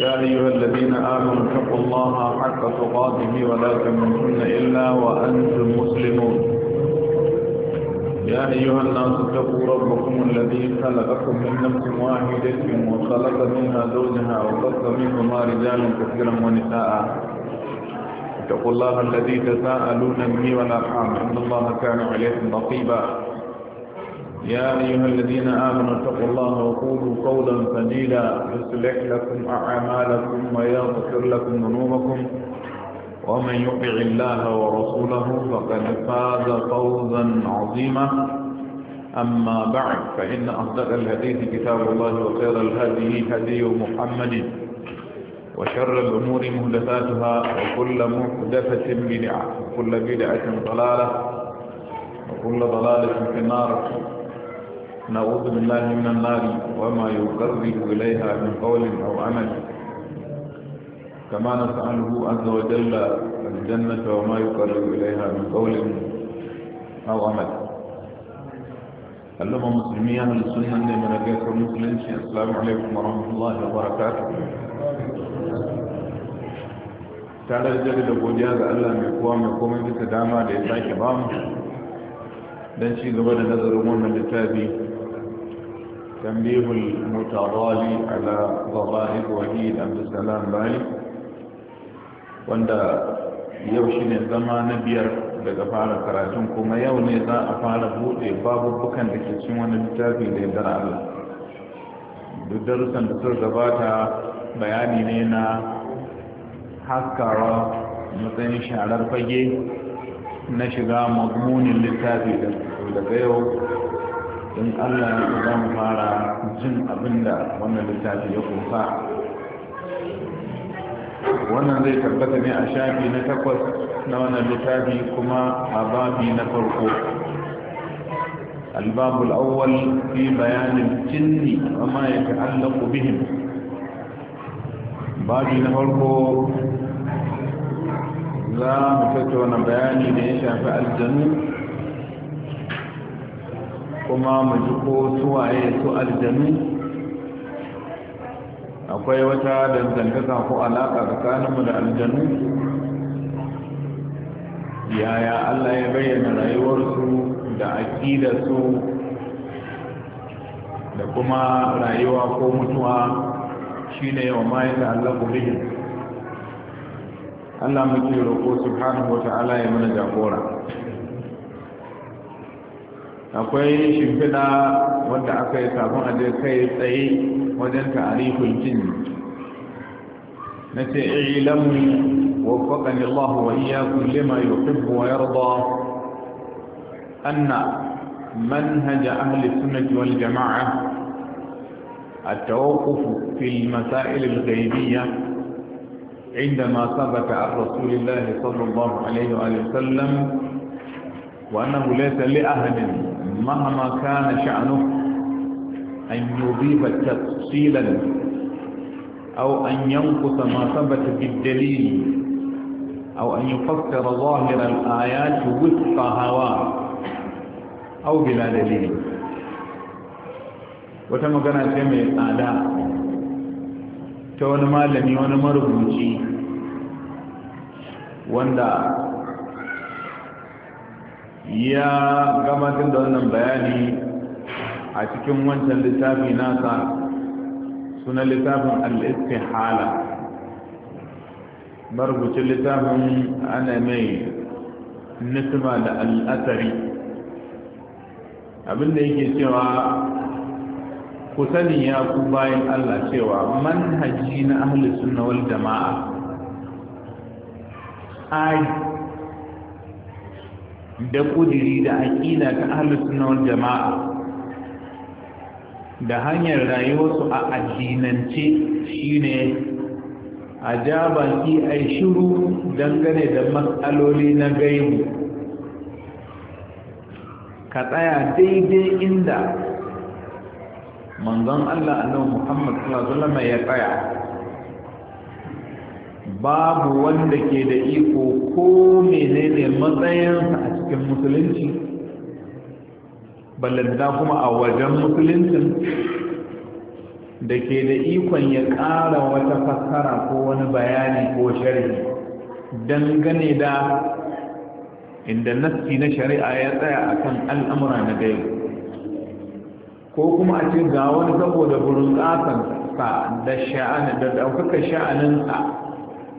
يا أيها الذين آمنوا اتقوا الله حق تقاته ولا تموتن إلا وأنتم مسلمون يا أيها الناس اتقوا ربكم الذي خلقكم من نفس واحدة وخلق منها زوجها وخلق منهما رجالا كثيرا ونساء اتقوا الله الذي تساءلون به والأرحام إن الله كان عليكم رقيبا يا أيها الذين آمنوا اتقوا الله وقولوا قولا سديدا يصلح لكم أعمالكم ويغفر لكم ذنوبكم ومن يطع الله ورسوله فقد فاز فوزا عظيما أما بعد فإن أصدق الحديث كتاب الله وخير الهدي هدي محمد وشر الأمور مهدثاتها وكل مهدثة بدعة وكل بدعة ضلالة وكل ضلالة في النار نعوذ بالله من النار وما يقرب إليها من قول أو عمل كما نسأله عز وجل الجنة وما يقرب إليها من قول أو عمل اللهم مسلمين أهل السنة من أجلس المسلمين السلام عليكم ورحمة الله وبركاته tare da jari da godiya ga Allah mai kowa mai komai bisa dama da ya sake bamu don ci gaba da nazarin wannan littafi تنبيه المتضالي على ظواهر وحيد عبد السلام باي وندا يوشي نظام نبير بغفار كراتون كما يو نيزا أفار بوطي باب بكن بكتشمون بتافي لدر الله بدرسا بسر زباتا بياني لنا حكرا نتني شعر الفجي نشغا مضمون للتافي لدر الله in allah ya za mu fara jin abinda wannan littafi ya kunsa wannan zai tabbata ne a shafi na takwas na wannan littafi kuma a babi na farko الباب الأول في بيان الجن وما يتعلق بهم babi na farko za mu tattauna bayani da ya shafi aljanu kuma mu ji ko suwaye su aljanu akwai wata dangantaka ko alaƙa tsakaninmu da aljanu yaya allah ya bayyana rayuwarsu da aƙidarsu da kuma rayuwa ko mutuwa shine yau ma ya Allah bihin Allah mu muke roƙo subhanahu ta'ala ya mana jagora akwai shimfiɗa wanda aka yi kafin a je kai tsaye wajen ta'arifin jin na ce ilamu wa faƙani Allah wa iyakun lima yuhibbu wa yarda anna manhaja ahli sunnati wal jama'a a tawakufu التوقف في المسائل الغيبية عندما ثبت عن رسول الله صلى الله عليه وآله وسلم وأنه ليس لأهل مهما كان شأنه أن يضيف تفصيلا أو أن ينقص ما ثبت بالدليل أو أن يفسر ظاهر الآيات وفق هواه أو بلا دليل وتم كان جمع آداء تون ما لم يون مربوطي وان ya gabatar da wannan bayani a cikin wancan littafi nasa suna littafin al'istihala marubucin littafin ana mai nisba da al'asari abinda yake cewa ku sani ya ku bayan Allah cewa manhaji na ahli sunna wal jama'a da kudiri da aƙida ta ahlus jama'a da hanyar rayuwarsu a addinance shine a ja baki a shiru dangane da matsaloli na gaibu ka tsaya daidai inda manzon Allah annabi Muhammad sallallahu ya tsaya babu wanda ke da iko ko menene matsayinsa cikin musulunci kuma a wajen musuluncin da ke da ikon ya ƙara wata fassara ko wani bayani ko sharhi gane da inda nassi na shari'a ya tsaya akan al'amura na gaibu ko kuma a ce ga wani saboda burin sa da sha'anin da ɗaukaka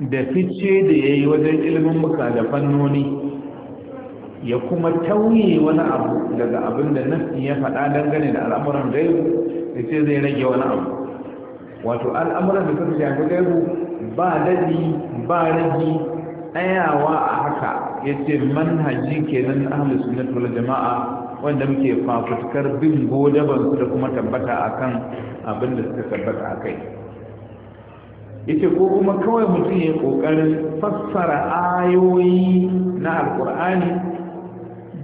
da fice da ya yi wajen ilimin muka da fannoni ya kuma tauye wani abu daga abin da nafi ya faɗa dangane da al'amuran gaibu da ce zai rage wani abu wato al'amuran da suka shafi gaibu ba dadi ba ragi tsayawa a haka ya ce manhaji kenan ahlus sunnat tula jama'a wanda muke fafutukar bin godaban su da kuma tabbata a kan abin da suka tabbata a kai ce ko kuma kawai mutum ya kokarin fassara ayoyi na alkur'ani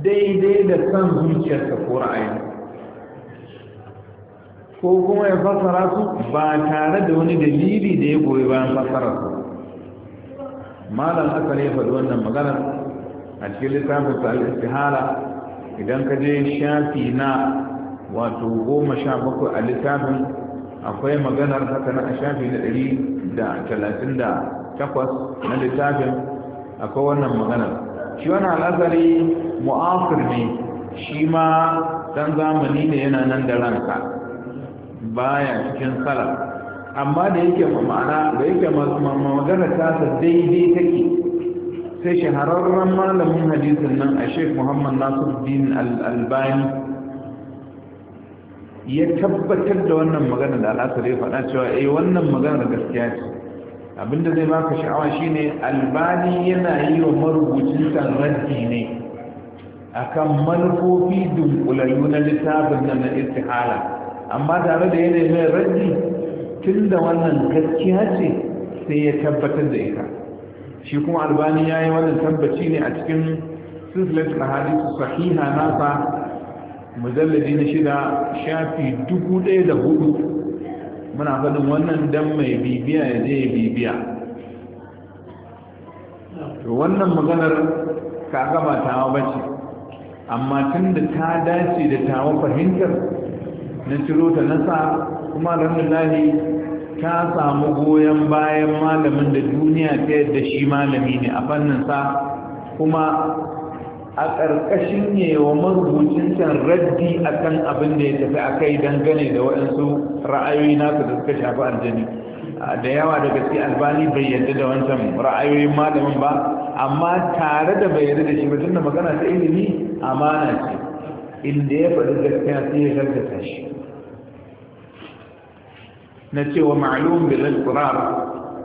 daidai da san zuciyarsa ko ra'ayi ko kuma ya fasara su ba tare da wani dalili da ya goyi bayan fassara su malam asali ya faɗi wannan magana a cikin littafin su istihala idan ka je shafi na wato goma sha bakwai a littafin akwai maganar haka na shafi na ɗari da talatin da takwas na littafin akwai wannan maganar shi nazari al'azari mu'afir ne shi ma dan zamani ne yana nan da ranka baya cikin sala amma da yake ma'ana da yake magana ta ta daidai take sai shahararren malamin hadisin nan a sheikh muhammad nasir nasiruddin albani ya tabbatar da wannan magana da al'asar ya faɗa cewa eh wannan magana gaskiya ce abinda zai baka sha'awa shine albani yana yi wa marubucin kan raddi ne akan manufofi dunkulallu na littafin nan na istihala amma tare da yanayi mai raddi tun da wannan gaskiya ce sai ya tabbatar da ita shi kuma albani ya yi wannan tabbaci ne a cikin silsilat ahadisu sahiha nasa mujalladi na shida shafi dubu ɗaya da hudu muna faɗin wannan dan mai bibiya ya je bibiya to wannan maganar ka gaba tawa bace amma tun da ta dace da tawa fahimtar na ciro ta nasa kuma alhamdulahi ta samu goyon bayan malamin da duniya ta yadda shi malami ne a fannin sa kuma a ƙarƙashin ne wa marubucin can raddi a kan abin da ya tafi a kai dangane da waɗansu ra'ayoyi nasu da suka shafi aljani da yawa da gaske albani bai yarda da wancan ra'ayoyin malamin ba amma tare da bai yarda da shi ba da magana ta ilimi amana ce inda ya faɗi gaskiya sai ya gaskata shi na cewa ma'alum bilal qur'an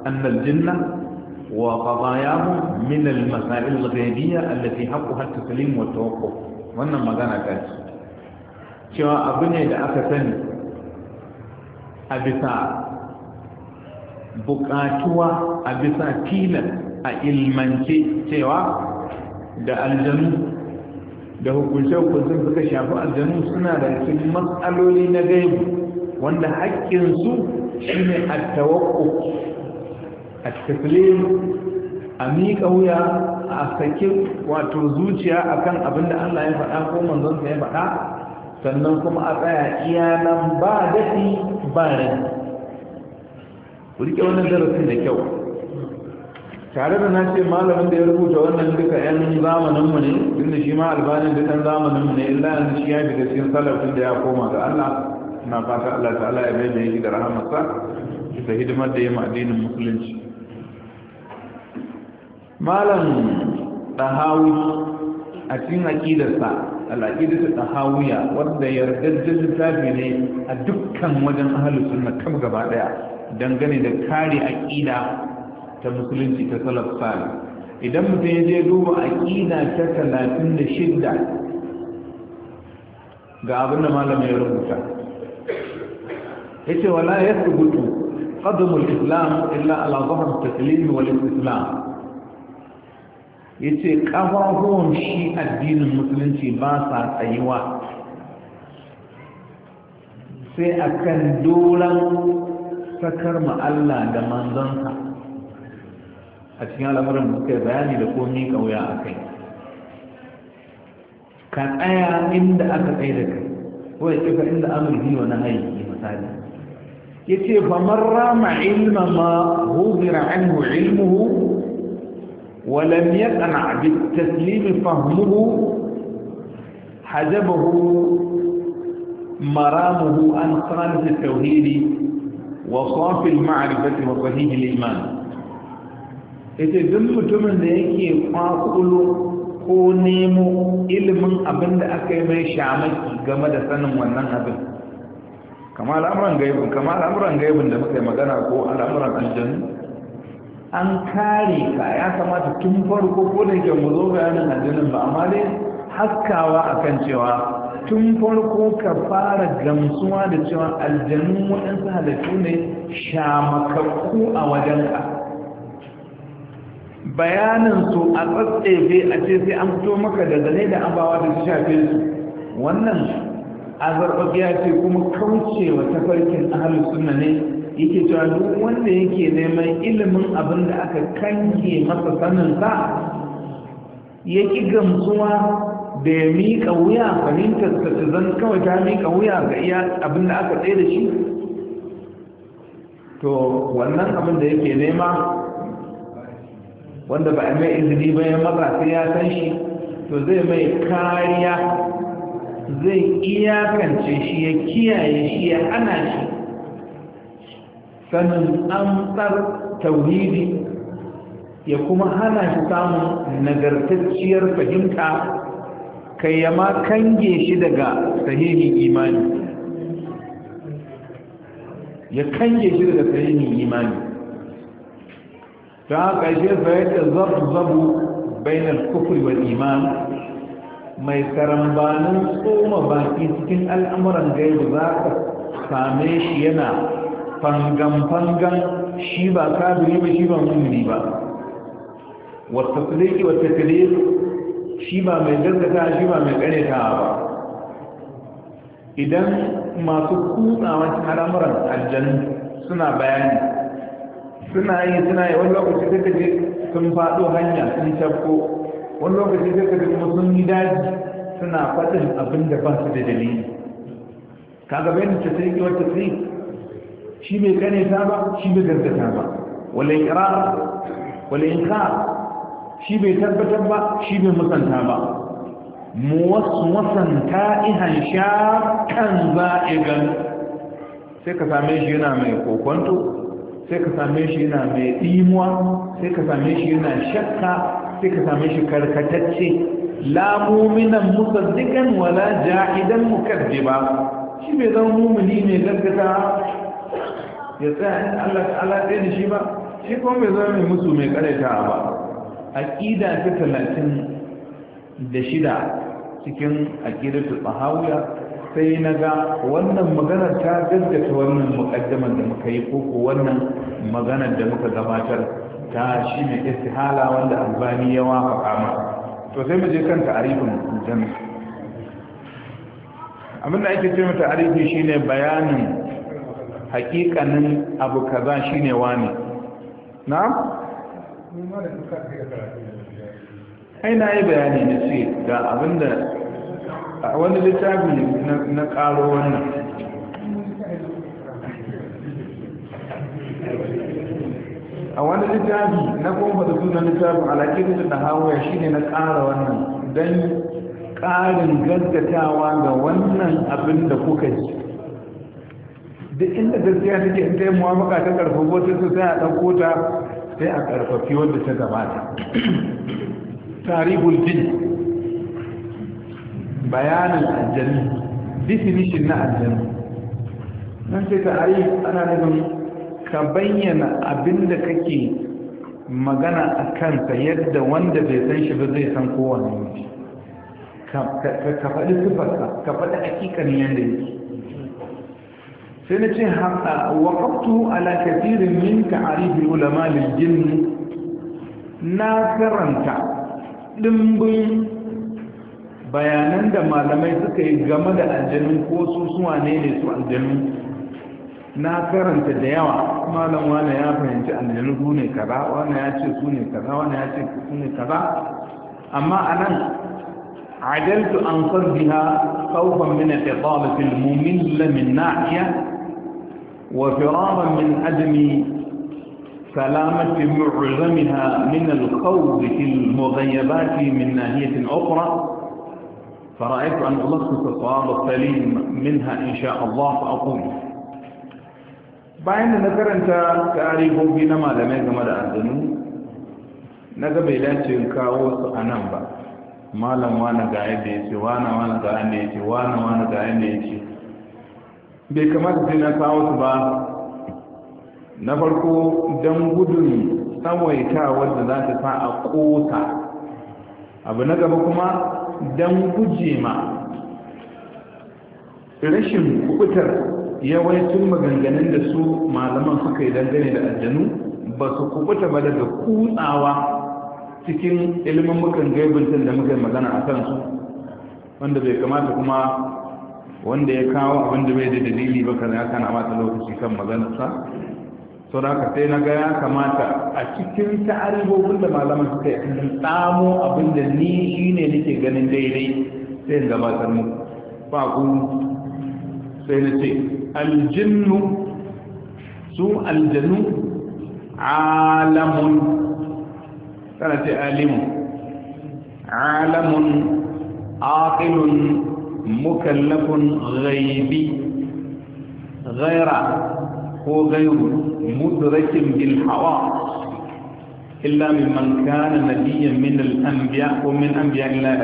annal jinna وقضاياهم من المسائل الغيبية التي حقها التسليم والتوقف وانا ما كان كاش شو أبني إذا أبسا بكاتوا أبسا كيلا أئلمانتي شو da aljanu da hukunce-hukun sun suka shafi aljanu suna da cikin matsaloli na gaibu wanda haƙƙinsu shi ne a tawakko a filin, a miƙa wuya a sake wato zuciya akan abin da Allah ya faɗa ko manzonsa ya faɗa sannan kuma a tsaya iya nan ba dafi ba rai ku riƙe wannan darasin da kyau tare da na ce malamin da ya rubuta wannan duka yan zamaninmu ne duk da shi ma albanin da ɗan zamaninmu ne illa yanzu shi ya fi da cikin salafin da ya koma ga Allah na fata Allah ta'ala ya bai mai da rahamarsa da hidimar da ya ma addinin musulunci malam ɗahawi a cikin aƙidarsa al'aƙidarsa ɗahawiya wanda yardajjen littafi ne a dukkan wajen ahalu na kam gaba dangane da kare aƙida ta musulunci ta salaf salih idan mutum ya je duba aƙida ta talatin da shidda ga abin da malam ya rubuta ya ce wala ya rubutu qadamul islam illa ala zahr taslim wal islam ya ce ƙafafuwan shi addinin musulunci ba sa tsayuwa sai a kan dolan sakar Allah da manzansa a cikin al'amuran da suka bayani da komi kauya a kai ka tsaya inda aka tsaye da kai ko ya kifa inda amurji wa na haiki misali ya ce famar rama ilma ma hubira anhu ilmuhu ولم يقنع بالتسليم فهمه حجبه مرامه عن خالص التوحيد وصافي المعرفة وصحيح الإيمان ita duk mutumin da yake kwakulo ko nemo ilimin abin da aka yi mai shamaki game da sanin wannan abin kama al'amuran gaibin da muka yi magana ko al'amuran aljanu an kare ka ya kamata tun farko ko da ke mu zo bayanin addinin ba amma dai haskawa a kan cewa tun farko ka fara gamsuwa da cewa aljanu waɗansu halittu ne shamakakku a wajen ka. bayanin su a tsatsefe a ce sai an fito maka da zane da abawa da su shafe su wannan azarbabiya ce kuma kaucewa tafarkin ahalus ne yake cewa duk wanda yake neman ilimin abin da aka kanke masa saninsa sa ya ki gamsuwa da ya miƙa wuya fahimtar ta ta zan kawai ta miƙa wuya ga iya abin da aka tsaye da shi to wannan abin da yake nema wanda ba a mai izini ba ya maza sai ya san shi to zai mai kariya zai iyakance shi ya kiyaye shi ya ana shi sanin amsar tauhidi ya kuma hana shi samun nagartacciyar fahimta kai ya ma kange shi daga sahihin imani ya kange shi daga sahihin imani ta kashe sai ta zabu bainar kufri wal iman mai karambanin tsoma baki cikin al'amuran gaibu za ka same shi yana fangan-fangan shi ba kabiri ba shi ba mummuni ba wata kuliki wata kulir shi ba mai gaggata shi ba mai karyatawa ba idan masu kutsawa al'amuran aljanu suna bayani suna yi suna yi wani lokaci suka je sun faɗo hanya sun shafko wani lokaci suka je kuma sun yi daji suna faɗin abin da ba su da dalili kaga tattalin tasiri wata tasiri shi mai gane ba shi mai gargata ba wala iqrar wala inkar shi mai tabbatar ba shi mai musanta ba muwaswasan ta'ihan shakan za'igan sai ka same shi yana mai kokonto sai ka same shi yana mai ɗimuwa sai ka same shi yana shakka sai ka same shi karkatacce la mu'minan musaddiqan wala jahidan mukaddiba shi mai zama mumini mai gaggata ya tsaya inda Allah ta'ala ɗaya da shi ba shi kuma bai zama mai musu mai karaita ba ƙida ta talatin da shida cikin ta tsahawiya sai na ga wannan maganar ta gaggata wannan muƙaddamar da muka yi ko wannan maganar da muka gabatar ta shi mai istihala wanda albani ya wafaka kama. to sai mu je kan ta'arifin jami'a abinda ake ce mata arifi shine bayanin hakikanin abu kaza shine wani na? ai na yi bayani na ce ga abinda wani littafi na karo wannan a wani littafi na kuma da suna littafin alaƙirin da hawaya shine na ƙara wannan don ƙarin gaggatawa ga wannan abin da kuka ji duk inda gaskiya take in ta yi muwafaka ta karfafa sai su sai a ɗauko ta sai a karfafi wanda ta gabata tarihul jin bayanin aljanu definition na aljanu nan sai tarih ana nufin ka bayyana abin da kake magana a kansa yadda wanda bai san shi ba zai san kowane ka faɗi sifarsa ka faɗi hakikanin yadda yake sai na ce waƙaftu ala kafirin min ta'arifi ulama liljin na karanta ɗimbin bayanan da malamai suka yi game da aljanun ko su suwa ne ne su aljanun na karanta da yawa malam wani ya fahimci aljanun su ne kaza wani ya ce su ne kaza wani ya ce su ne kaza amma a nan عدلت عن قلبها خوفا من العقاب في الممل من ناحيه وفرارا من عدم سلامة معزمها من الخوض في المغيبات من ناهية أخرى فرأيت أن ألخص السؤال السليم منها إن شاء الله فأقول بعد نذكر أنت تعرف بنا ما لم يجب ماذا أعزنه نذهب إلى تلك أوس أنبا ما لم وانا قاعد يتي وانا وانا قاعد يتي وانا وانا قاعد يتي bai kamata sai na kawo su ba na farko don gudun tsawaita wadda za ta sa a ƙosa abu na gaba kuma don guje ma rashin kubutar yawancin maganganun da su malaman suka yi dangane da aljanu ba su kubuta ba daga kutsawa cikin ilimin mukan gaibin da muka magana a kansu wanda bai kamata kuma wanda ya kawo abin da bai da dalili ba ya kana mata lokaci kan maganarsa to da ka sai na ga ya kamata a cikin ta'aribobin da malaman suka yi in tsamo abin da ni shine nake ganin daidai sai in gabatar mu. ba ku sai na ce aljinnu su aljannu alamun kana ce alimu. alamun aqilun مكلف غيبي غير هو غير مدرك بالحواس إلا ممن كان نبيا من الأنبياء ومن أنبياء الله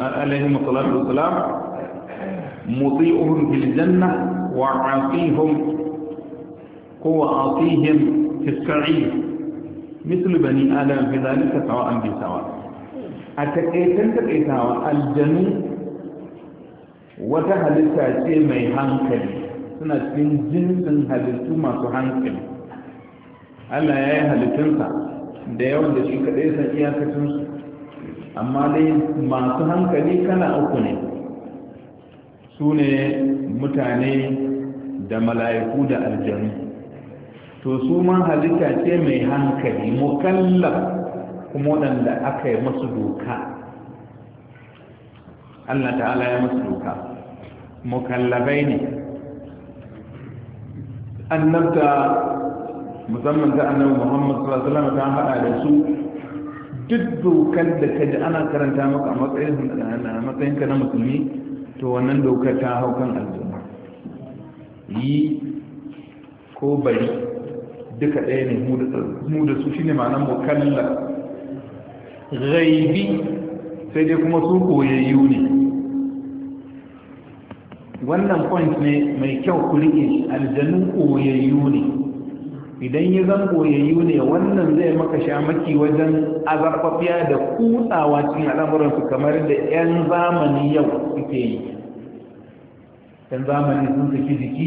عليهم الصلاة والسلام مطيئهم في الجنة وعاصيهم هو أعطيهم في السعير مثل بني آدم في ذلك سواء بسواء أتكيتن تكيتاوى الجنة wata halitta ce mai hankali suna cikin jinsin halittu masu hankali Allah ya yi halittunsa da yawan da shi kaɗai san iyakacinsu amma dai masu hankali kana uku ne su ne mutane da mala'iku da aljanu to su ma halitta ce mai hankali mukallaf kuma waɗanda aka yi masu doka Allah ta'ala ya masu doka mukallabai ne annabta musamman ta annabi Muhammad sallallahu alaihi wasallam ta hada da su duk dokar da ka ji ana karanta maka a matsayin ka na musulmi to wannan dokar ta hau kan al'umma yi ko bari duka ɗaya ne mu da su shine ma'anar kalla. ghaibi sai dai kuma su koyayyu ne wannan point ne mai kyau ku aljanu koyayyu ne idan ya zan koyayyu ne wannan zai maka shamaki wajen azarfafiya da kutsawa cikin al'amuransu kamar da 'yan zamani yau suke yi 'yan zamani sun saki jiki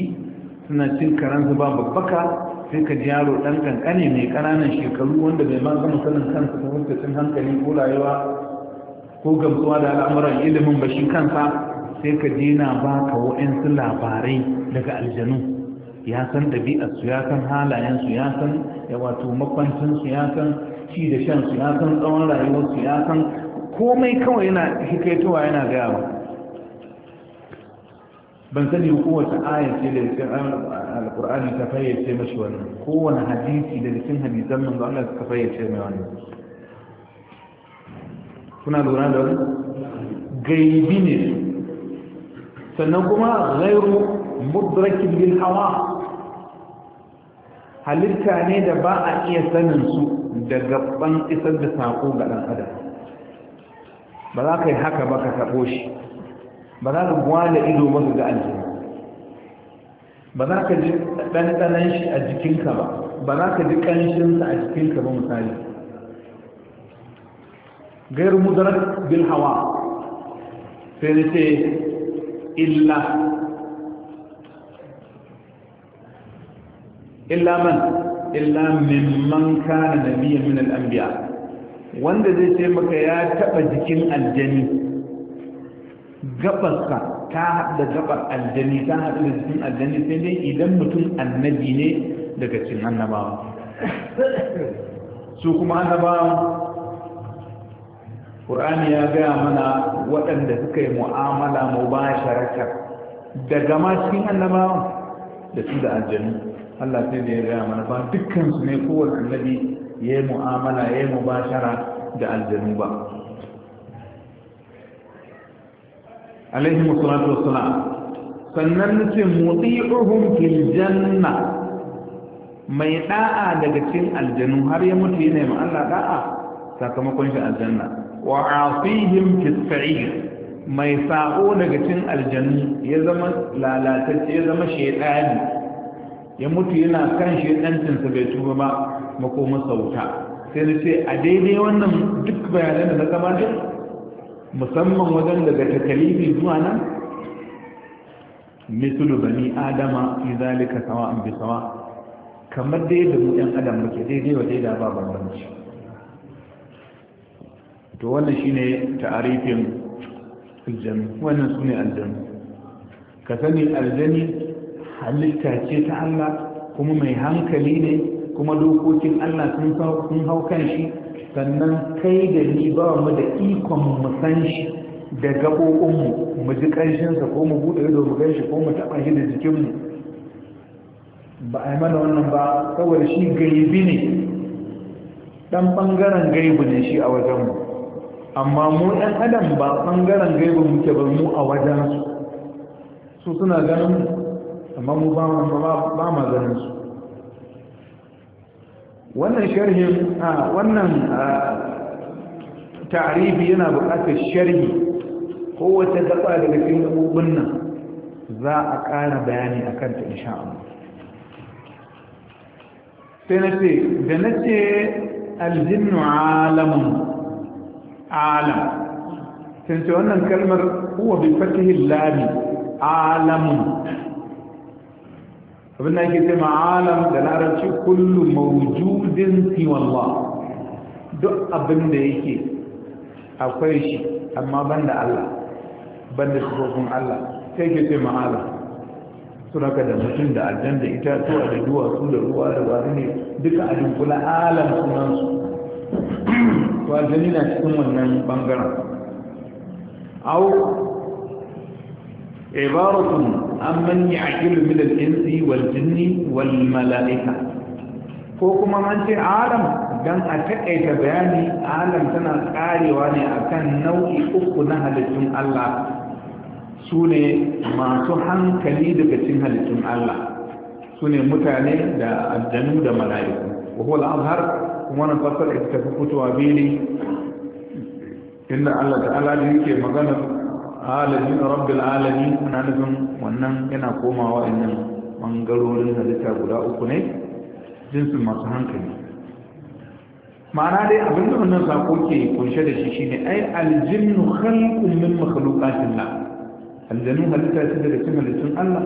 suna cin karansu ba babbaka sai ka ji yaro ɗan kankane mai ƙananan shekaru wanda bai ma zama sanin kansa ta cin hankali ko rayuwa ko gamsuwa da al'amuran ilimin bashin kansa sai ka dina baka waɗansu labarai daga aljanu ya san ɗabi'arsu ya san halayensu ya san ya wato makwancinsu ya san ci da shansu ya san tsawon rayuwarsu ya san komai kawai yana hikaitowa yana gaya ba ban sani kowace aya ce da cikin alkur'ani ta fayyace mashi wannan kowane hadisi da cikin hadisan manzo Allah suka fayyace mai wannan kuna lura da wani gaibi ne sannan kuma ghairu mudrakin bil hawa halitta ne da ba a iya sanin su da gaban isar da sako ga dan adam ba za ka yi haka ba ka tabo shi ba za ka gwada ido ba ga aljihu ba za ka ji ɗanɗanan shi a jikinka ba ba za ka ji ƙanshinsa a jikinka ba misali gairu mudarar bil hawa sai na ce illa illa man illa mimman kana nabiyyan min al-anbiya wanda zai ce maka ya taba jikin aljani gabarsa ta haɗa gabar aljani ta haɗa da jikin aljani sai dai idan mutum annabi ne daga cikin annabawa su kuma annabawa ƙur'ani ya gaya mana waɗanda suka yi mu'amala mu ba sharaka daga ma cikin annabawan da su da aljanu Allah sai da ya gaya mana ba dukkan su ne kowane annabi ya yi mu'amala ya yi mu ba shara da aljanu ba alaihi musulatu wasalam sannan nace muti'uhum fil janna mai ɗa'a daga cikin aljanu har ya mutu yana ma Allah ɗa'a sakamakon shi aljanna wa asihim fi mai sako daga cin aljannu ya zama lalatacce ya zama shedani ya mutu yana kan sa bai tuba ba makoma sauta sai na ce a daidai wannan duk bayanan da na gabatar musamman wajen daga takalifi zuwa nan misulu bani adama fi zalika sawa'an bi sawa kamar dai da mu yan adam muke daidai wa daidai ba bambanci to wannan shine ta'arifin aljami wannan sune aljami ka sani aljami halitta ce ta Allah kuma mai hankali ne kuma dokokin Allah sun hau kan shi sannan kai da ni ba mu da ikon mu san shi da gaɓoɓinmu mu ji sa, ko mu buɗe ido mu gan ko mu taɓa shi da jikinmu ba a yi mana wannan ba saboda shi gaibi ne ɗan ɓangaren gaibu ne shi a mu. amma mu ɗan adam ba ɓangaren gaiba muke ba mu a wajen su su suna ganin amma mu ba ma ganin su wannan sharhin a wannan ta'arifi yana buƙatar sharhi kowace gaba daga cikin abubuwan nan za a ƙara bayani a kanta insha Allah sai na ce da na ce aljinnu alamun alam sun wannan kalmar huwa bi fatihi lami alamun abin da yake ce ma'alam da larabci kullu mawjudin wallah duk abin da yake akwai shi amma banda Allah banda shugaban Allah sai ke ce ma'alam suna ka da mutum da aljan da itatuwa da su da ruwa da wani duka a kula alam sunansu to na cikin wannan bangaren au ibaratun amman ya'qilu min al-insi wal jini wal mala'ika ko kuma man ce alam don a taƙaita bayani alam tana karewa ne a kan nau'i uku na halittun Allah su ne masu hankali daga cikin halittun Allah su ne mutane da aljanu da mala'iku wa kuma wannan fassara ita ta fitowa bili inda Allah ta'ala ne yake magana alamin rabbil alamin ana nufin wannan yana komawa innan bangarorin halitta guda uku ne jinsin masu hankali ma'ana dai abin da wannan sako ke kunshe da shi shine ai aljinnu khalqun min makhluqatillah aljannu halitta ce daga cikin halittun Allah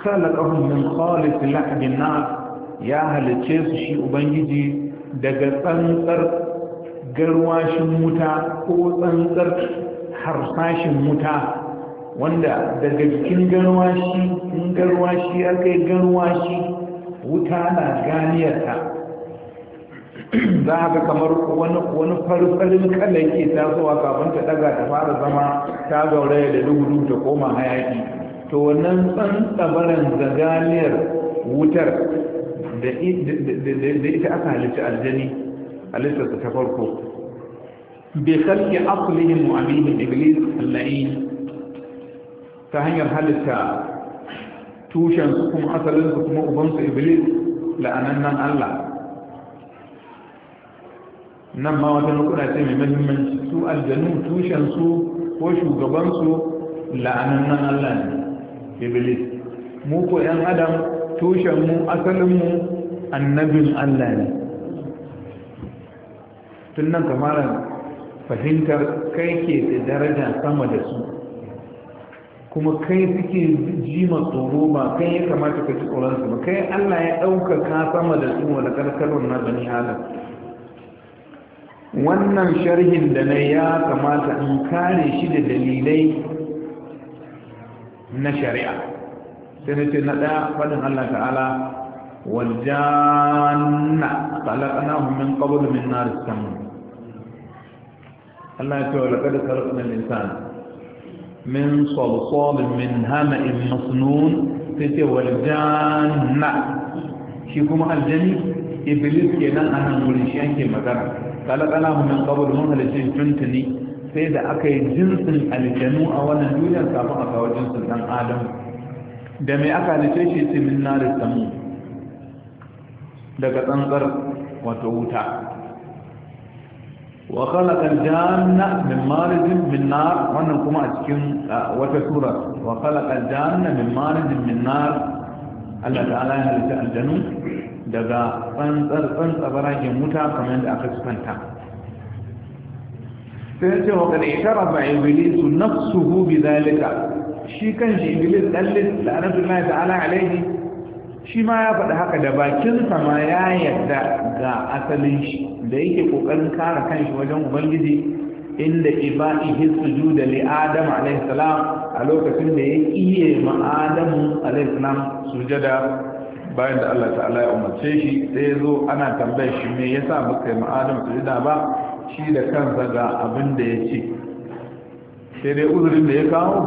khalaqahum min khalis la'bin nar ya halice su shi ubangiji daga tsantsar garwashin wuta ko tsantsar harsashin wuta wanda daga jikin garwashi in garwashi ya kai garwashi wuta na ganiyarta za a ga kamar wani farfarin kala ke tasowa kafin ta daga ta fara zama ta gauraya da dubu ta koma hayaki to wannan tsantsabaran zagaliyar wutar da ita aka halitta aljani halittarsa ta farko bai kalli asulihim wa amihim iblis allahi ta hanyar halitta tushensu kuma asalinsu kuma ubansu iblis la'anannan allah nan ma wata nukuna ce mai mahimmanci su aljanu tushensu ko shugabansu la'anannan allah ne iblis mu ko 'yan adam tushenmu asalinmu annabin Allah ne tun nan kamar fahimtar kai ke da daraja sama da su kuma kai suke jima tsoro ba kai ya kamata ka ci tsoronsu ba kai Allah ya ɗaukaka sama da su wani ƙarƙarwar na bani halar wannan sharhin da na ya kamata in kare shi da dalilai na shari'a sai na ce na ɗaya faɗin Allah ta'ala waljanna khalaqnahum min qabl min nar as-sam Allah ya ce walaqad khalaqna al-insana min salsalin min hama'in masnun sai ce waljanna shi kuma aljani iblis kenan a nan wurin shi ake magana khalaqnahum min qabl mun halittin tuntuni sai da aka yi jinsin aljanu a wannan duniyar kafin a kawo jinsin dan adam da mai aka halice shi simin narin samu daga tsantsar wato wuta wa khalaqal janna min marijin min nar wannan kuma a cikin wata sura wa khalaqal janna min marijin min nar Allah ta'ala ya halitta aljanu daga tsantsar tsantsar baragen wuta kamar yadda aka sifanta sai ya ce wa kad itarafa iblisu nafsuhu bi zalika shi kan shi iblis dallis la'anatullahi ta'ala alaihi shi ma ya faɗi haka da sa ma ya yadda ga asalin shi da yake kokarin kare kanshi wajen ubangiji inda his sujuda li adam alaihi salam a lokacin da ya kiye ma adam alaihi salam sujada bayan da Allah ta'ala ya umarce shi sai ya zo ana tambayar shi me yasa baka yi ma adam sujada ba shi da kansa ga abin da ya ce sai dai uzurin da ya kawo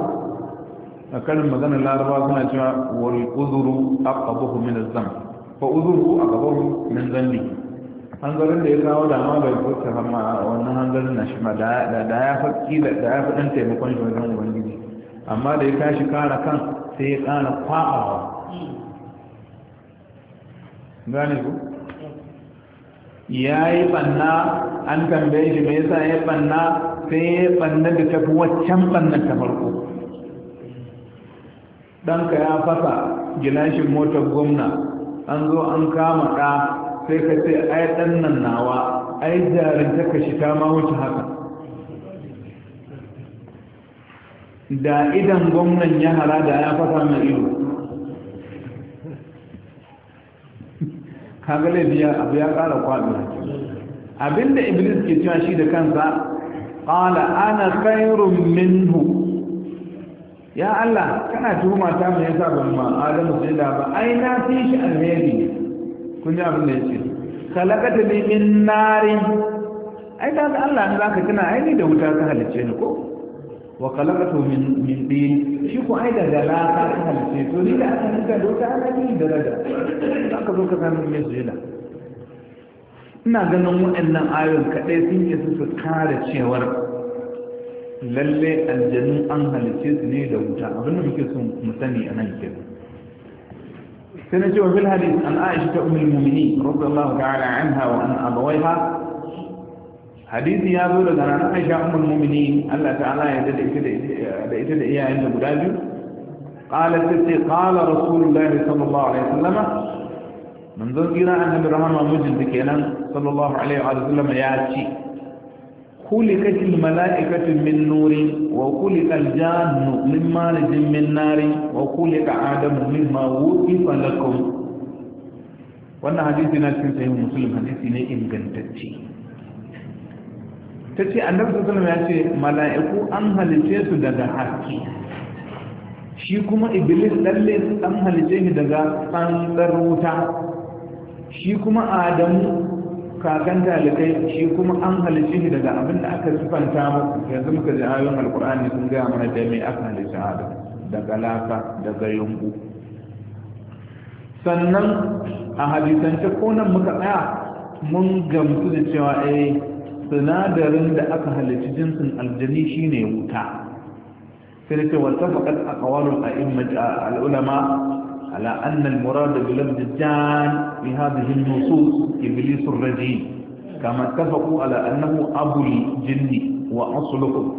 a karin magana laraba suna cewa wal uzuru aqabuhu min az-zam fa uzuru aqabuhu min zanni hanzarin da ya kawo da ma bai fuska ma wannan hanzarin na shi ma da da ya fakki da da ya fadan taimakon shi wajen ubangiji amma da ya tashi kara kan sai ya kana kwa'awa gane ku ya yi banna an tambaye shi me yasa ya banna sai ya banna da tafi waccan bannan ta farko ɗanka ya fasa gilashin motar gwamna an zo an kama ɗa sai ka ce ai ɗan nan nawa ai jarinta ka shi ta ma wuce haka da idan gwamnan ya hara da ya fasa mai ido kagale biya abu ya ƙara kwaɗi abinda iblis ke cewa shi da kansa ƙala ana kairun minhu ya Allah kana tuhuma ta mu yasa ban ma Adamu sai ba ai na fi shi alheri kun ji abin da yake khalaqata bi min nari ai da Allah in zaka tuna ai ni da wuta ka halice ni ko wa khalaqatu min min din shi ko ai da laka ka halice to ni da aka nika da wuta ana ni da daga zaka zo ka san me sujada ina ganin waɗannan ayoyin kaɗai sun yi su kare cewar lalle aljanu an halice su ne da wuta abin da muke son mu sani a nan kenan sai na ce wa fil hadith an aisha ta ummul mu'minin radiyallahu ta'ala anha wa an abawaiha hadisi ya zo daga nan aisha ummul mu'minin Allah ta'ala ya da ita da ita da iyayen da guda biyu qalat sai qala rasulullahi sallallahu alaihi wasallam manzon kira annabi rahama mujin kenan sallallahu alaihi wasallam ya ce خلقت الملائكة من نور وخلق الجان من مارج من نار وخلق آدم ma وقف لكم wannan hadisi na cikin sahih muslim hadisi ne ingantacce tace annabi sallallahu alaihi wasallam ya ce mala'iku an halice su daga haske shi kuma iblis lalle an halice shi daga tsantsar wuta shi kuma adamu kakan talibai shi kuma an halice shi daga abin da aka sifanta muku yanzu muka ji ayoyin alkur'ani sun gaya mana da mai aka halice adam daga laka daga yungu sannan a hadisance ko nan muka tsaya mun gamsu da cewa eh sinadarin da aka halici jinsin aljani shine wuta sai da ce wata a ƙawarin a'immat al'ulama على أن المراد بلفظ الجان بهذه النصوص إبليس الرجيم كما اتفقوا على أنه أبو الجن وأصله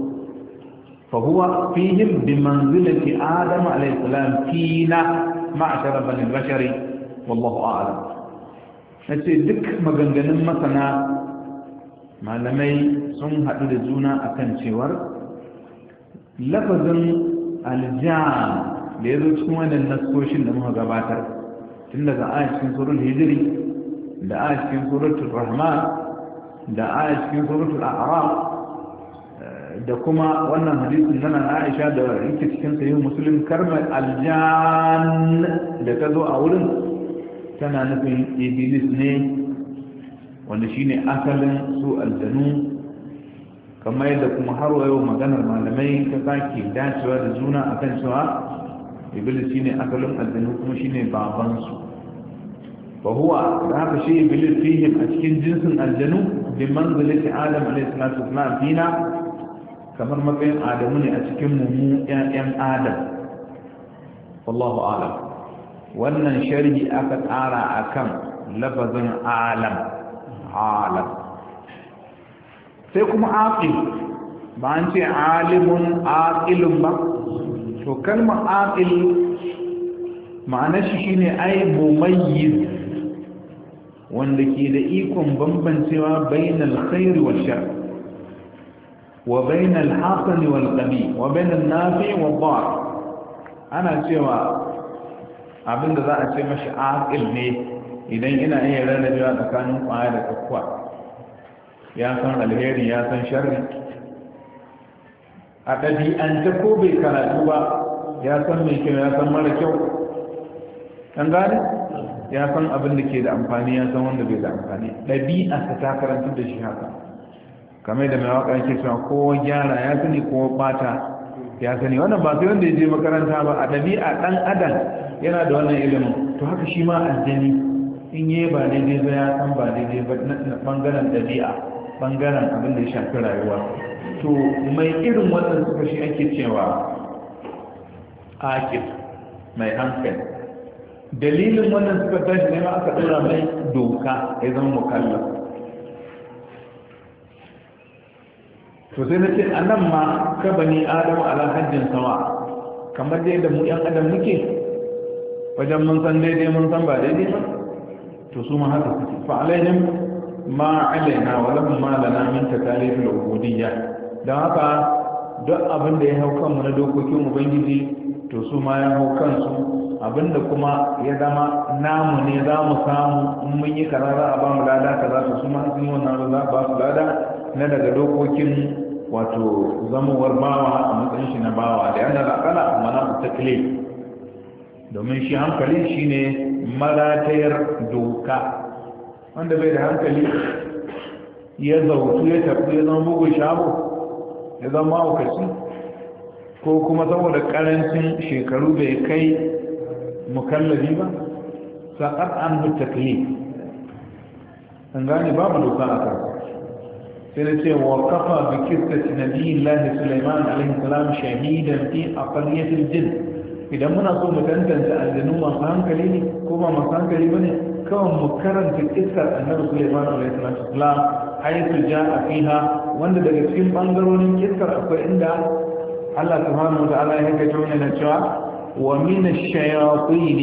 فهو فيهم بمنزلة آدم عليه السلام فينا معشر بني البشر والله أعلم نتي دك مغنغنن مثلا ما لمي سن da زونا أكن شور لفظ الجان da ya zo cikin wannan nasoshin da muka gabatar tun daga aya cikin surul hijiri da aya cikin suratul rahman da aya cikin suratul a'raf eh, da kuma wannan hadisin nan Aisha da yake cikin sahih Muslim karmar aljan da ta zo a wurin tana nufin iblis ne wanda ne asalin su aljanu kamar yadda kuma har wayo maganar malamai ta sake dacewa da juna akan cewa iblis shine asalin aljanu kuma shine babansu fa huwa da haka shi iblis fihim a cikin jinsin aljanu bi manzilati adam alayhi salatu wasalam fina kamar matsayin adamu ne a cikin mu ƴaƴan adam wallahu alam wannan sharhi aka tsara akan lafazin alam alam sai kuma aqil ba an ce alimun aqilun ba to kalmar aqil ma'anar shi shine ai mumayyiz wanda ke da ikon bambancewa bainal khair wal shar wa bainal hasan wal qabi wa bainal nafi wal dar ana cewa abinda za a ce mashi aqil ne idan ina iya rarrabewa tsakanin kwaya da tsakwa ya san alheri ya san sharri a ɗabi'anta ko bai karatu ba ya san mai kyau ya san mara kyau ɗan gane ya san abin da ke da amfani ya san wanda bai da amfani ɗabi'arsa ta karanta da shi haka kamar da mai waka yake cewa ko gyara ya sani ko bata ya sani wannan ba sai wanda ya je makaranta ba a ɗabi'a ɗan adam yana da wannan ilimin to haka shi ma aljani in yi ba daidai ba ya san ba daidai ba na ɓangaren ɗabi'a ɓangaren abin da ya shafi rayuwa to mai irin wannan suka shi ake cewa akif mai hankali dalilin wannan suka tashi ne ma aka dora mai doka ya zama mukalla to sai na ce a nan ma ka bani adamu ala hajjin sama kamar dai da mu yan adam muke wajen mun san daidai mun san ba daidai ba to su ma haka suke fa alaihim ma alaina wa lamma lana min takalif al-ubudiyya don haka duk abin da ya hau kanmu na dokokin ubangiji to su ma ya hau kansu abin da kuma ya zama namu ne za mu samu in mun yi kaza za a ba mu lada kaza to su ma sun yi wannan za ba su lada na daga dokokin wato zamuwar bawa a matsayin shi na bawa da yana da akala amma na mutakile domin shi hankali shine maratayar doka wanda bai da hankali ya zautu ya tafi ya zama bugun shago ya zama ma'aukaci ko kuma saboda karancin shekaru bai kai mukallabi ba saƙar an mutakli an gane babu doka a kan sai da ce wa kafa bi kirkati na biyin lahi suleiman alaihi salam shahidan fi a ƙaryatar jin idan muna so mu tantance aljanu masu hankali ne ko ba masu hankali ba ne kawai mu karanta iskar annabi suleiman alaihi salam haitu ja a fiha wanda daga cikin bangarorin iskar akwai inda Allah subhanahu wa ta'ala ya kace mana cewa wa min ash-shayatin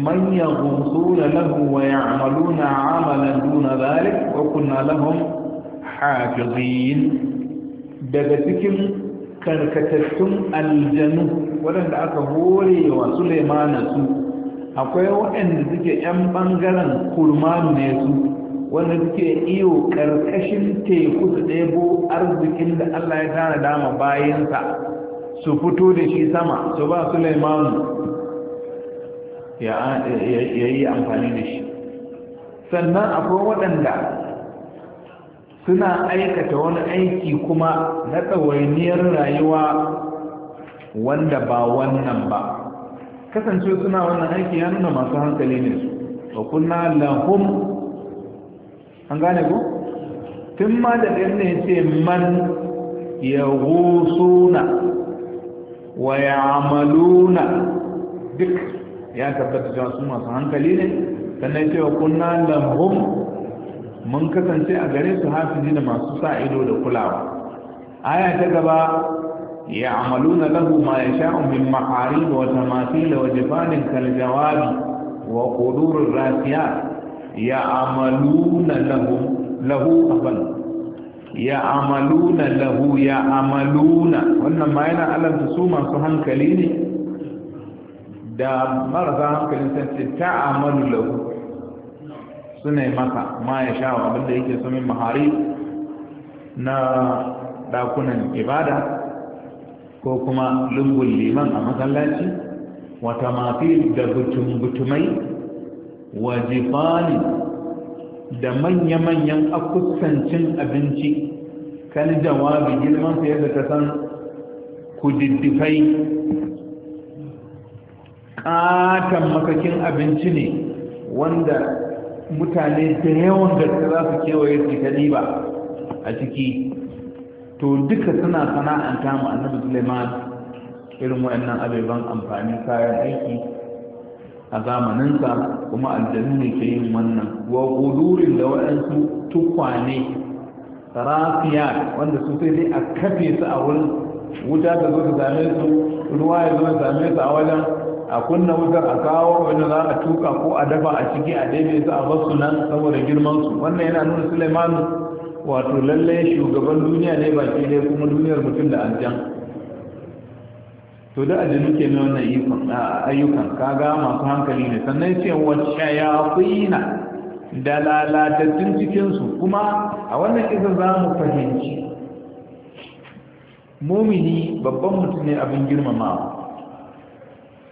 man yaghusuna lahu wa ya'maluna 'amalan duna dhalik wa kunna lahum hafizin daga cikin karkatattun aljanu waɗanda aka hore wa Sulaimana su akwai waɗanda suke 'yan ɓangaren kurmanu ne su wanda suke iyo karkashin teku su ɗebo arzikin da Allah ya tana dama bayansa su fito da shi sama su ba Sulaimanu ya yi amfani da shi sannan akwai waɗanda suna aikata wani aiki kuma na tsawainiyar rayuwa wanda ba wannan ba kasance suna wannan aiki yana masu hankali ne su wa kunna lahum an gane ku tun ma da ɗin ne ce man ya gusuna wa ya amaluna duk ya tabbata cewa su masu hankali ne sannan cewa kunna lahum mun kasance a gare su hafizi da masu sa ido da kulawa aya ta gaba ya amaluna lahu ma ya sha'u min ma'arib wa tamathil wa jifanin kal jawabi wa qudur rasiyat ya amaluna lahu lahu ya amaluna lahu ya na wannan ma yana alanta su masu hankali ne da marasa hankali sun ta amalu lahu suna yi maka ma ya sha abinda yake sumin mahari na dakunan ibada ko kuma lungun liman a masallaci wata mafi da butum-butumai Wajibani da manya-manyan akusancin abinci kan jawabi girman sa yadda ta san ku kudiddifai ƙatan makakin abinci ne wanda mutane da yawan gaske za su kewaye su ta ba a ciki to duka suna sana'anta mu annabi suleiman irin waɗannan abeban amfani kayan aiki a zamaninsa kuma aljanu ne ke yin wannan wa gudurin da waɗansu tukwane rafiya wanda su sai dai a kafe su a wurin wuta ta zo ta same su ruwa ya zo ta same su a wajen a kunna wutar a kawo wanda za a tuka ko a dafa a ciki a daidai su a basu nan saboda girman su wannan yana nuna Suleiman wato lallai shugaban duniya ne ba ke kuma duniyar mutum da aljan to da aljanu ke mai wannan ikon ayyukan kaga masu hankali ne sannan ce wacce ya kuina da lalatattun su kuma a wannan kisa za mu fahimci mumini babban mutum ne abin girmamawa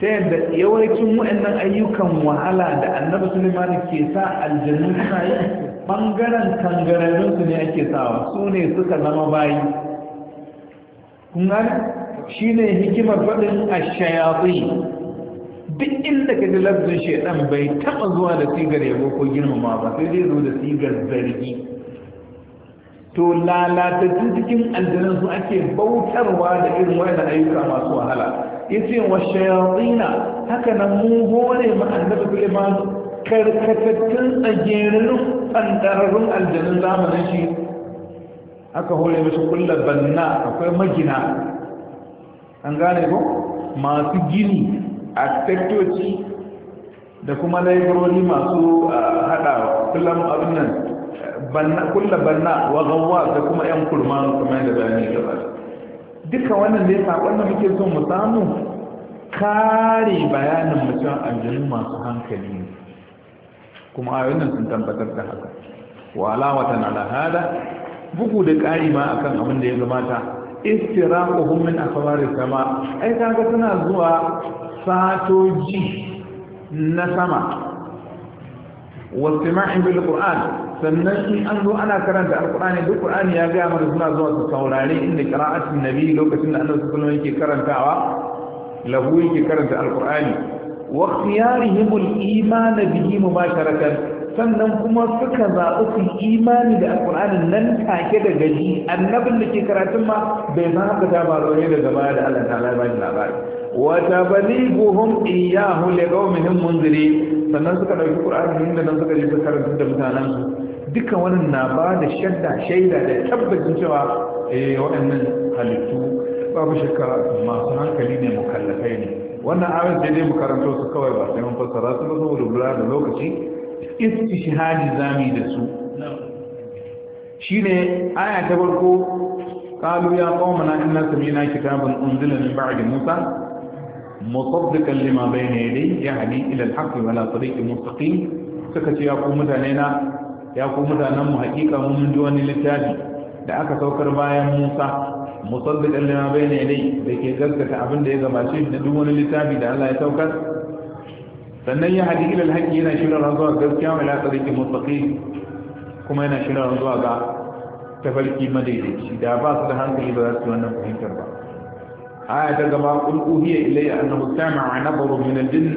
ta yadda yawancin waɗannan ayyukan wahala da annabi sulaiman ke sa aljannu suna yi ɓangaren ne ake sawa su ne suka zama bayi kun gane shine hikimar faɗin a shayatin duk inda ka ji lafzin shaidan bai taɓa zuwa da sigar yabo ko girmama ba sai zai zo da sigar zargi to lalatattu cikin aljanin su ake bautarwa da irin wannan ayyuka masu wahala yace wa shayatina haka nan mu hore ma annabi Sulaiman karkatattun tsagerin tsandararrun aljanin zamanin shi aka hore masa kullu banna akwai magina an gane ko masu gini a tektoci da kuma laifaroni masu ah, hada kullum abin nan kulla banna wa gawa da kuma yan kurma kuma yadda bayani gaba duka wannan ne sakon da muke so mu samu kare bayanin mutum aljanu masu hankali ne kuma ayoyin sun tabbatar da haka wa alawatan alahada bugu da ƙari ma akan abin da ya gabata istiraquhum min akwari sama ai kaga suna zuwa satoji na sama wastima'i bil qur'an sannan in an zo ana karanta alqur'ani duk ƙur'ani ya gaya mana suna zuwa su saurari inda qira'atin nabi lokacin da annabi sallallahu alaihi karantawa lahu yake karanta alqur'ani wa ikhtiyarihim al-iman bihi mubasharatan sannan kuma suka zaɓi su imani da alƙur'anin nan take da gaji annabin da ke karatun ma bai san haka ta faru ne daga baya da Allah ta'ala ba shi labari wa tabalighuhum iyyahu li qaumihim munziri sannan suka dauki qur'ani da nan suka je suka karanta da mutanen su duka wannan na ba da shadda shaida da tabbacin cewa eh waɗannan halittu babu shakka masu hankali ne mukallafai ne wannan ayat da dai mu karanto su kawai ba sai mun fassara su ba saboda lura da lokaci istishhadi zami da su shi ne aya ta farko qalu ya qaumana inna samina kitaban unzila min ba'di musa musaddiqan lima bayna yadayhi yahdi ila al-haqq wa la tariqin mustaqim suka ce ya ku mutane na ya ku mutanen mu haƙiƙa mun ji wani littafi da aka saukar bayan musa musaddiqan lima bayna yadayhi da ke gaskata abin da ya gabace da duk wani littafi da Allah ya saukar sannan ya hadi ilal haƙƙi yana shirar zuwa gaskiya mai latsarikin mutsaƙi kuma yana shirar zuwa ga tafarki madaidaici da ba su da hankali ba za su wannan fahimtar ba aya ta gaba qul uhiya ilayya annahu sami'a nabaru min al-jinn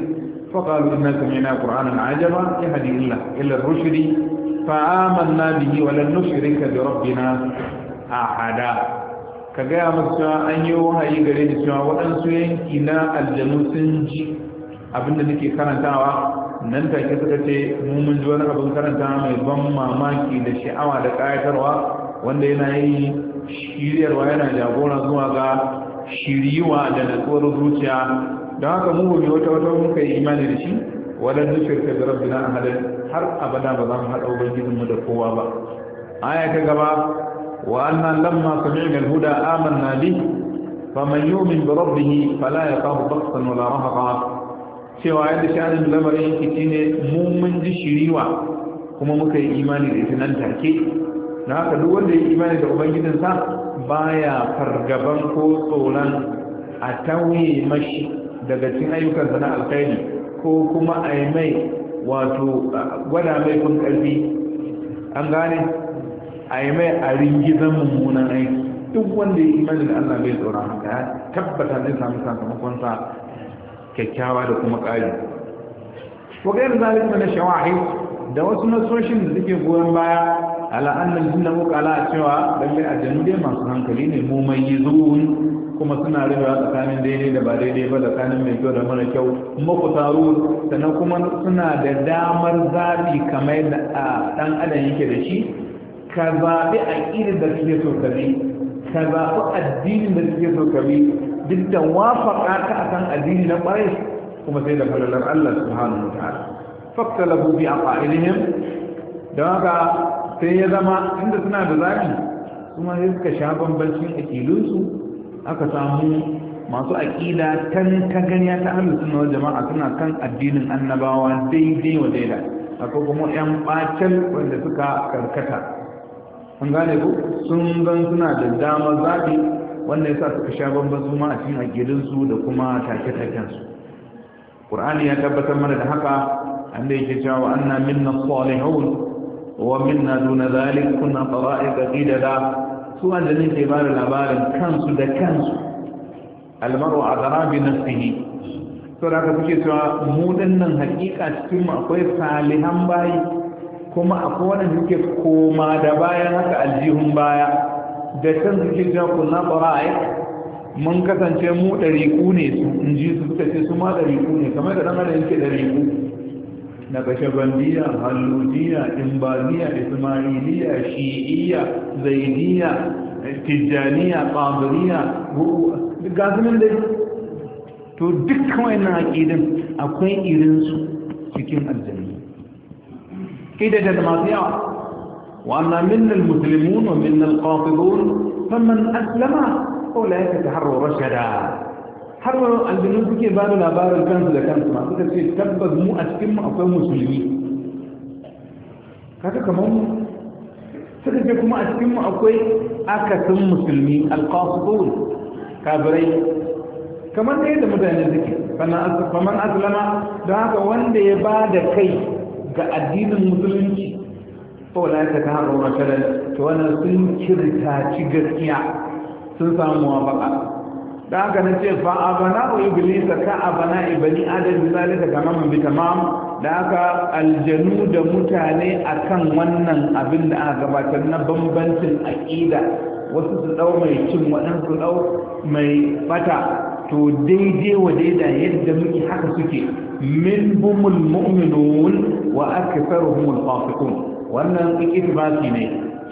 fa qalu inna sami'na qur'anan ajaba yahdi illa ila ar-rushd fa amanna bihi wa lan nushrika bi rabbina ahada kaga ya musu an yi wahayi gare ni cewa waɗansu yanki na aljanu sun ji Abin da nake karantawa nan take suka ce mu mun ji wani abin karanta mai ban mamaki da sha'awa da ƙayatarwa wanda yana yi shiryarwa yana jagora zuwa ga shiriwa da natsuwar zuciya don haka mu gobe wata wata muka yi imani da shi wadanda ta zarar bina a har abada ba za mu haɗa ubangijin mu da kowa ba aya ta gaba wa anna lamma sami'na al-huda amanna bi faman yu'min bi rabbih fala yaqahu baqsan wala rahaqa cewa yadda sha'anin lamarin shi shine ne mun ji shiriwa kuma muka yi imani da ita nan take na haka duk wanda ya imani da ubangijinsa baya fargaban ko tsoron a tauye mashi daga cikin ayyukansa na alkhairi ko kuma a yi mai wato gwada mai kun karfi an gane a yi mai a ringizan mummunan aiki duk wanda ya imani da allah bai tsoron haka ya tabbata zai samu sa kyakkyawa da kuma ƙari waƙayar zalika na shawahi da wasu nasoshin da suke goyon baya ala da jinna ala cewa lalle aljanu dai masu hankali ne mu mai yi zuwun kuma suna rabewa tsakanin daidai da ba daidai ba tsakanin mai kyau da mara kyau makusaru sannan kuma suna da damar zaɓi kamar da ɗan adam yake da shi ka zaɓi aƙidar da suke so ka bi ka zaɓi addinin da suke so ka bi duk da wafaka ka akan addini na ƙwarai kuma sai da falalar Allah subhanahu wataala a bi aqailihim da haka sai ya zama inda suna da zafi kuma sai suka sha bambancin aƙilunsu aka samu masu aƙida tan gani ta ahlus sunna wal jama'a suna kan addinin annabawa daidai wa daida akwai kuma yan bacin wanda suka karkata an gane ku sun zan suna da dama zafi. wannan sa suka sha bamban ma a cikin aƙidinsu da kuma take-takensu ƙur'ani ya tabbatar mana da haka an da yake cewa anna minna salihun wa minna duna zalik kunna qara'iq qidada su wanda ne ke bada labarin kansu da kansu almaru azara bi nafsihi to da ka suke cewa mu dinnan hakika cikin mu akwai salihan bayi kuma akwai wanda suke koma da bayan haka aljihun baya da can suke cewa kunna qara'ai mun kasance mu ku ne su in ji su suka ce su ma ku ne kamar da dan yake ɗari ku. na bandiya, hallujiya imbaliya ismailiya shi'iya zaidiya tijjaniya qabiriya ga su da dai to dukkan wayannan aqidan akwai irin su cikin aljanna kidadan masu yawa وأما منا المسلمون ومنا القاطبون فمن أسلم أولئك تحروا رشدا har aljanu suke ba labarin kansu da kansu masu ta ce tabbas mu a cikin mu akwai musulmi kaga kamar mu suka ce kuma a cikin akwai akasin musulmi alqasitun kafirai kamar dai da mutane suke faman aslama haka wanda ya ba da kai ga addinin musulunci saboda ta ka haɓar matsalar to wannan sun kirtaci gaskiya sun samu wafaka da haka na ce fa abana wa iblisa ka a abana ibani adam misali ta kamar bi tamam da haka aljanu da mutane a kan wannan abin da aka gabatar na bambancin aƙida wasu su dau mai cin waɗansu dau mai fata to daidai wa daida yadda muke haka suke min humul mu'minun wa aktharuhum al-fasiqun wannan ikitibasi ne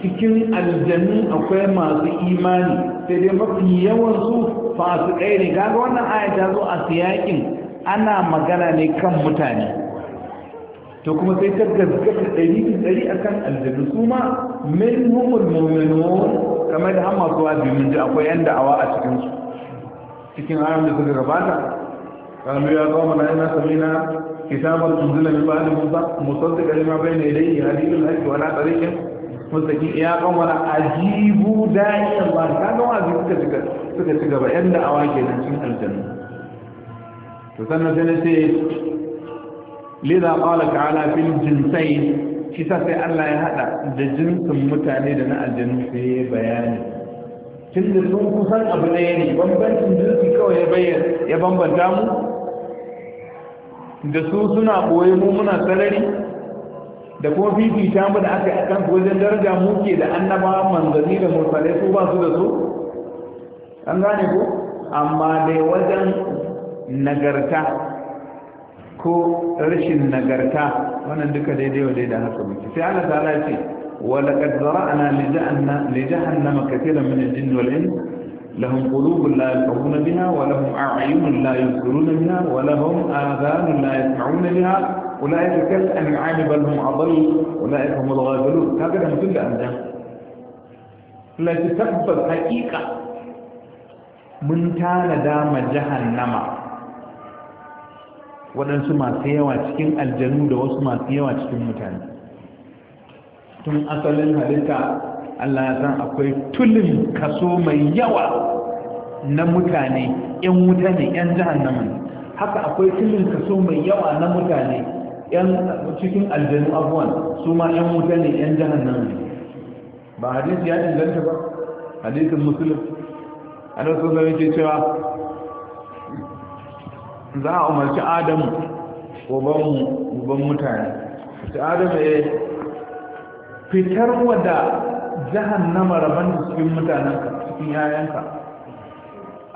cikin aljannu akwai masu imani sai dai mafi yawan su ɗaya ne kaga wannan aya ta zo a siyakin ana magana ne kan mutane to kuma sai ta gaskata ɗari ɗari akan aljannu su ma min humul kamar da hamma su wajibi mun ji akwai yan da'awa a cikin su cikin ayoyin da suka gabata kamar ya mana inna samina كتاب أنزل من بعد موسى لما بين يديه هذه الحج ولا طريق مستقيم يا قوم ولا دائما داعي الله كانوا هذه اجيب سكة سكة سكة بأن أواكي نحن الجنة فسنة سنة لذا قال تعالى في الجنسين shi sa الله يهدى ya hada da jinsin mutane da na aljanu sai ya bayani tun da sun kusan abu da su suna boye mu muna sarari da kuma fifita mu da aka yi akan wajen daraja muke da annaba manzanni da mursalai su ba su da su an gane ko amma dai wajen nagarta ko rashin nagarta wannan duka daidai wa daidai haka muke sai Allah ta'ala ce wa laqad zara'na li jahannama katiran min al-jinni wal-ins لهم قلوب لا يفقهون بها ولهم أعين لا يبصرون بها ولهم آذان لا يسمعون بها أولئك كالأنعام بل هم أضل أولئك هم الغافلون هكذا مثل أنجام لا تتبت حقيقة من كان دام جهنم waɗansu masu yawa cikin aljanu da wasu masu yawa cikin mutane tun asalin halitta Allah ya san akwai tulin kaso mai yawa na mutane ‘yan wuta ne ‘yan jahannama haka akwai tulin kaso mai yawa na mutane ‘yan cikin aljanu abuwan su ma ‘yan wuta ne ‘yan jahannama ba hadisi ya inganta ba hadisin musulun a da sun zama ke cewa za a umarci adamu uban mutane ta adamu ya fitar wada jahannama rabon cikin mutanenka cikin yayanka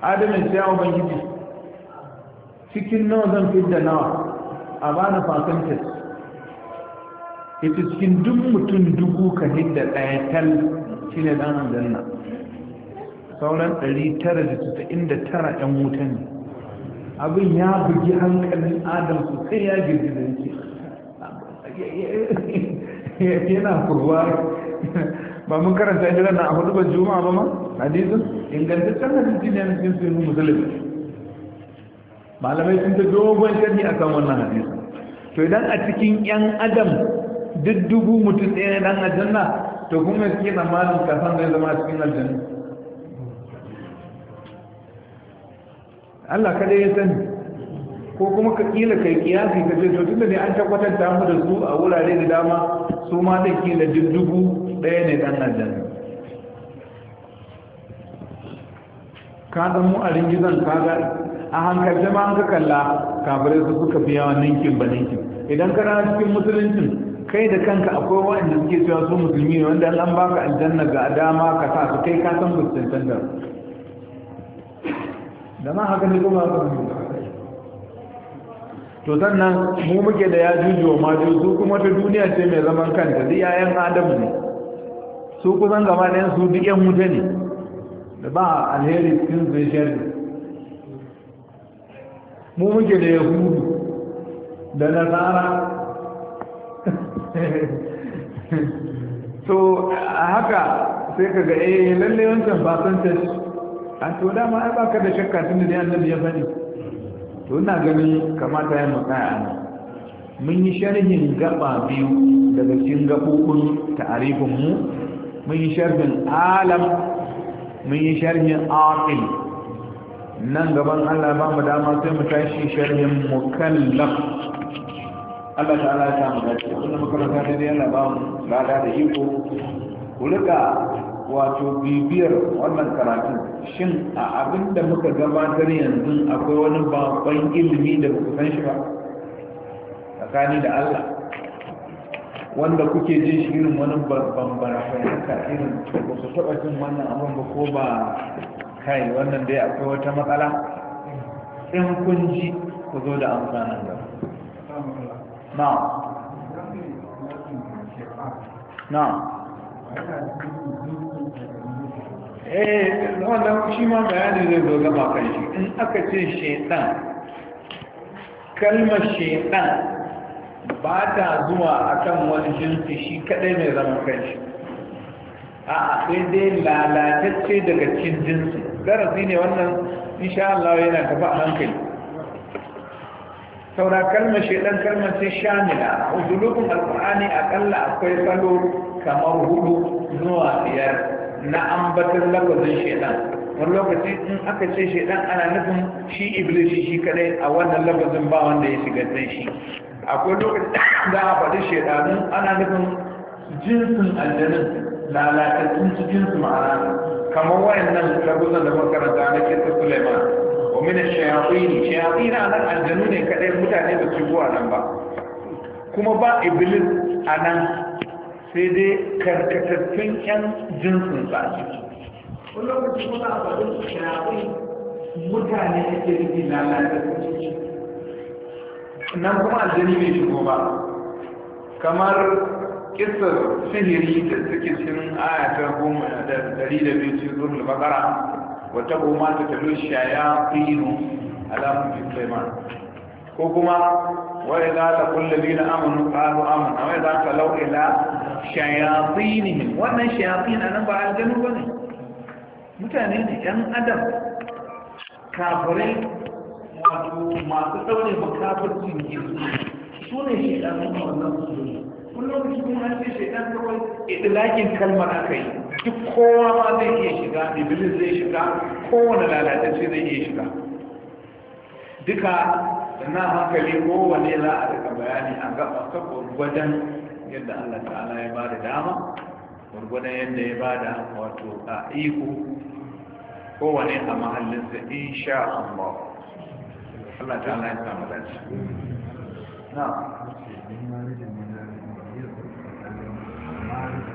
adamin sai yawon bangiji cikin nawa zan fi da nawa a bani fasantis ita cikin duk mutum dubu ka hidda ɗaya tal shi ne ɗan aljanna sauran 999 'yan wuta ne abin ya bugi hankalin adam sosai ya girgiza yake yana kurwa ba mun karanta ita nan a hudu juma'a ba ma hadisin ingantaccen hadisi ne na cikin sunan musulmi malamai sun ta dogon shari a kan wannan hadisin to idan a cikin yan adam duk dubu mutum ɗaya na dan aljanna to kuma suke tsammanin kasan zai zama cikin aljanna Allah kada ya sani ko kuma ka kila kai kiyasi ka ce to tunda ne an tabbatar da mu da su a wurare da dama su ma da kila duk dubu ɗaya ne ɗan aljanna kaga mu a ringizan kaga a hankalce ma an ka kalla kafirai su suka fi yawan ninkin ba ninkin idan ka na cikin musuluncin kai da kanka akwai wa'anda suke cewa su musulmi ne wanda an baka aljanna ga dama ka sa su kai ka san musulun da da ma haka ne kuma to sannan mu muke da ya jujuwa ma su kuma ta duniya ce mai zaman kanta da yayan Adamu. ne su kusan gaba ɗaya su duk yan wuta ne da ba alheri cikin sun shari mu muke da yahudu da nasara so a haka sai ka ga eh lalle wancan ba san ta a to dama ai ka da shakka tun da annabi ya faɗi to ina ganin kamata ya mutsa a nan mun yi sharhin gaba biyu daga cikin gabobin ta'arifin mu mun yi sharhin alam mun yi nan gaban Allah ba mu dama sai mu tashi sharhin mukallaf Allah ta'ala ya samu dace wannan makaranta ne dai Allah ba mu lada da iko ku rika wato bibiyar wannan karatu shin a abin da muka gabatar yanzu akwai wani babban ilimi da ku san shi ba tsakani da Allah wanda kuke jin shi irin wani bambara haka irin ba su taɓa jin wannan abin ba ko ba kai wannan dai akwai wata matsala in kun ji ku zo da amfanin nan da na na eh wannan shi ma bayani zai zo gaba kan shi in aka ce shaitan kalmar shaitan ba ta zuwa akan wani jinsi shi kadai mai zama kanshi a sai dai lalatacce daga cin jinsi darasi ne wannan insha Allah yana tafi a hankali saura kalmar shaidan kalmar sai shamila a udulukun alƙur'ani akalla akwai salo kamar hudu zuwa biyar na ambatar lafazin shaidan wani lokaci in aka ce shaidan ana nufin shi iblis shi kadai a wannan lafazin ba wanda ya shiga zai shi akwai lokacin da a faɗi shaidanun ana nufin jinsin aljanin lalatattun cikin su ma'ana kamar wayannan lagozan da makaranta na kisa suleiman wa mina shayatsini shayatsini a nan aljanu ne kadai mutane da cikin a nan ba kuma ba iblis a nan sai dai karkatattun yan jinsin sa kullum kuma a faɗin shayatsini mutane ake rikin lalatattun cikin nan kuma aljani bai shigo ba kamar kisar sihiri da suke cin aya goma da dari da biyu cikin zuwa bakara wata goma ta talo shaya fino alamun fi suleiman ko kuma wai za ta kulle biyu na amonu ƙaru amon a wai za ta lau'ila shayafinihin wannan shayafi na nan ba aljanu ba ne mutane ne yan adam kafirai wato masu daure makafircin yesu su ne shaidan kuma wannan su ne kullum shi ne an ce shaidan kawai idilakin kalmar aka yi duk kowa ma zai iya shiga iblis zai shiga kowane lalatacce zai iya shiga duka na hankali kowane za a daga bayani a gaba ta gwargwadon yadda allah ta'ala ya ba da dama gwargwadon yadda ya ba da wato a iko kowane a mahallinsa insha Allah Allah ta Allah ya samu dace na